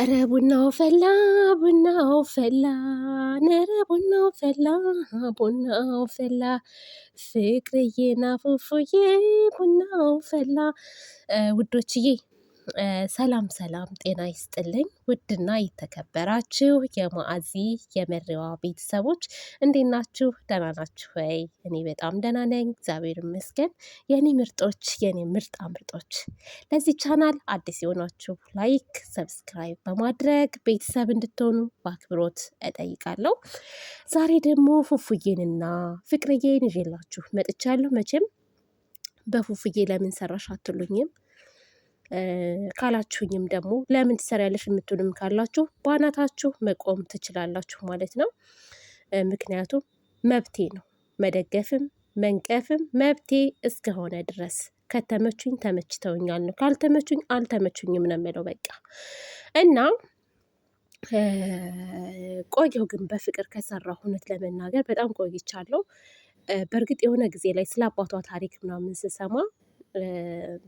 ነረ ቡናው ፈላ ቡናው ፈላ ነረ ቡናው ፈላ ቡናው ፈላ ፍቅርዬ ናፉፉዬ ቡናው ፈላ ውዶችዬ ሰላም ሰላም፣ ጤና ይስጥልኝ ውድና የተከበራችሁ የማዓዚ የመሪዋ ቤተሰቦች እንዴት ናችሁ? ደህና ናችሁ ወይ? እኔ በጣም ደህና ነኝ፣ እግዚአብሔር ይመስገን። የኔ ምርጦች፣ የኔ ምርጣ ምርጦች፣ ለዚህ ቻናል አዲስ የሆናችሁ ላይክ፣ ሰብስክራይብ በማድረግ ቤተሰብ እንድትሆኑ በአክብሮት እጠይቃለሁ። ዛሬ ደግሞ ፉፉዬንና ፍቅርዬን ይዤላችሁ መጥቻለሁ። መቼም በፉፉዬ ለምን ሰራሽ አትሉኝም ካላችሁኝም ደግሞ ለምን ትሰሪያለሽ የምትሉም ካላችሁ በአናታችሁ መቆም ትችላላችሁ ማለት ነው። ምክንያቱም መብቴ ነው መደገፍም መንቀፍም መብቴ እስከሆነ ድረስ ከተመቹኝ ተመችተውኛል ነው፣ ካልተመቹኝ አልተመቹኝም ነው የምለው በቃ እና ቆየሁ ግን በፍቅር ከሰራ እውነት ለመናገር በጣም ቆይቻለሁ። በእርግጥ የሆነ ጊዜ ላይ ስለ አባቷ ታሪክ ምናምን ስሰማ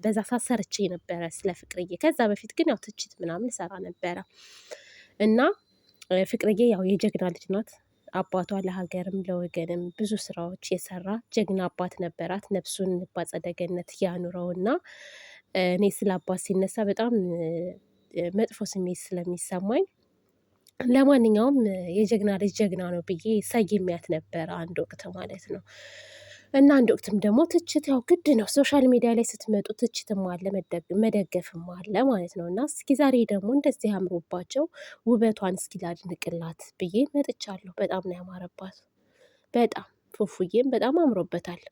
በዛ ሰዓት ሰርቼ ነበረ ስለ ፍቅርዬ። ከዛ በፊት ግን ያው ትችት ምናምን ሰራ ነበረ እና ፍቅርዬ ያው የጀግና ልጅ ናት። አባቷ ለሀገርም ለወገንም ብዙ ስራዎች የሰራ ጀግና አባት ነበራት። ነፍሱን ባጸደ ገነት ያኑረው እና እኔ ስለ አባት ሲነሳ በጣም መጥፎ ስሜት ስለሚሰማኝ ለማንኛውም የጀግና ልጅ ጀግና ነው ብዬ ሰይሜያት ነበረ አንድ ወቅት ማለት ነው። እና አንድ ወቅትም ደግሞ ትችት ያው ግድ ነው። ሶሻል ሚዲያ ላይ ስትመጡ ትችትም አለ መደገፍም አለ ማለት ነው። እና እስኪ ዛሬ ደግሞ እንደዚህ አምሮባቸው ውበቷን እስኪ ላድንቅላት ብዬ መጥቻለሁ። በጣም ነው ያማረባት። በጣም ፉፉዬም በጣም አምሮበታል።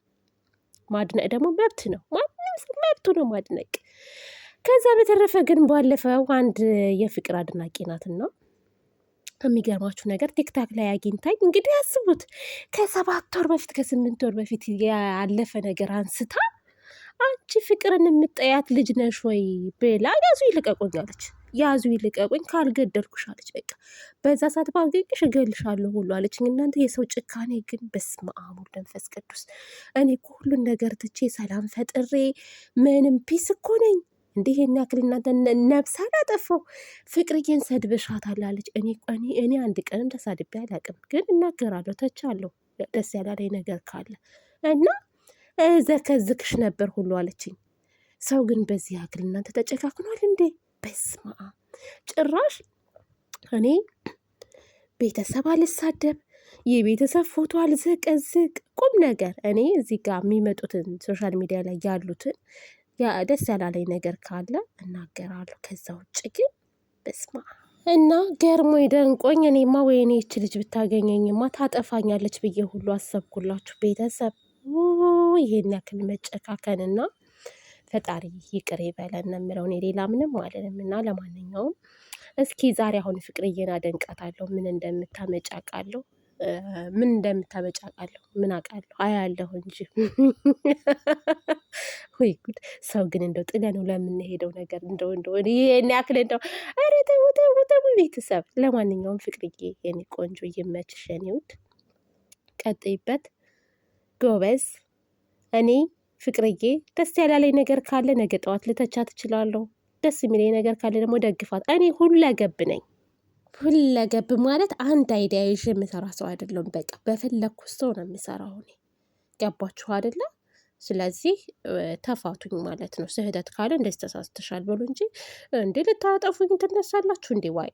ማድነቅ ደግሞ መብት ነው። ማንም መብቱ ነው ማድነቅ። ከዛ በተረፈ ግን ባለፈው አንድ የፍቅር አድናቂ ናትና ከሚገርማችሁ ነገር ቲክታክ ላይ አግኝታኝ እንግዲህ ያስቡት ከሰባት ወር በፊት ከስምንት ወር በፊት ያለፈ ነገር አንስታ አንቺ ፍቅርን የምጠያት ልጅ ነሽ ወይ ብላ ያዙ ይልቀቁኝ አለች። ያዙ ይልቀቁኝ ካልገደልኩሽ አለች። በቃ በዛ ሰዓት ባገኝሽ እገልሻለሁ ሁሉ አለች። እናንተ የሰው ጭካኔ ግን በስመ አብ መንፈስ ቅዱስ። እኔ እኮ ሁሉን ነገር ትቼ ሰላም ፈጥሬ ምንም ፒስ እኮ ነኝ። እንዲህ ይሄን ያክል እናንተ ነብሳን አጠፋው ፍቅርዬን ሰድብሻታል አለች። እኔ እኔ እኔ አንድ ቀንም ተሳድቤ አላውቅም፣ ግን እናገራለሁ፣ ተቻለሁ፣ ደስ ያላለኝ ነገር ካለ እና ዘከዝክሽ ነበር ሁሉ አለችኝ። ሰው ግን በዚህ ያክል እናንተ ተጨካክኗል እንዴ? በስመ አብ! ጭራሽ እኔ ቤተሰብ አልሳደብ የቤተሰብ ፎቶ አልዘቀዝቅ ቁም ነገር እኔ እዚህ ጋር የሚመጡትን ሶሻል ሚዲያ ላይ ያሉትን ደስ ያላለኝ ነገር ካለ እናገራለሁ። ከዛ ውጭ ግን በስማ እና ገርሞ ደንቆኝ እኔማ ወይኔ ይቺ ልጅ ብታገኘኝማ ታጠፋኛለች ብዬ ሁሉ አሰብኩላችሁ ቤተሰብ። ይህን ያክል መጨካከንና ፈጣሪ ይቅር ይበለን የምለው። እኔ ሌላ ምንም አልልም። እና ለማንኛውም እስኪ ዛሬ አሁን ፍቅርዬን አደንቃታለሁ ምን እንደምታመጫቃለሁ ምን እንደምታመጭ አውቃለሁ። ምን አውቃለሁ አያለሁ እንጂ ወይ ጉድ! ሰው ግን እንደው ጥለነው ለምንሄደው ነገር እንደው እንደው ይሄን ያክል እንደው ኧረ ተው ተው ተው ቤተሰብ። ለማንኛውም ፍቅርዬ የኔ ቆንጆ ይመችሽ፣ የኔ ውድ ቀጥይበት፣ ጎበዝ። እኔ ፍቅርዬ ደስ ያላለኝ ነገር ካለ ነገ ጠዋት ልተቻ ትችላለሁ። ደስ የሚለኝ ነገር ካለ ደግሞ ደግፋት። እኔ ሁለገብ ነኝ። ሁለገብ ማለት አንድ አይዲያ ይዤ የምሰራ ሰው አይደለሁም። በቃ በፈለግኩት ሰው ነው የምሰራው እኔ። ገባችሁ አይደለ? ስለዚህ ተፋቱኝ ማለት ነው። ስህተት ካለ እንደዚህ ተሳስተሻል በሉ እንጂ እንዴ ልታጠፉኝ ትነሳላችሁ እንዴ? ዋይ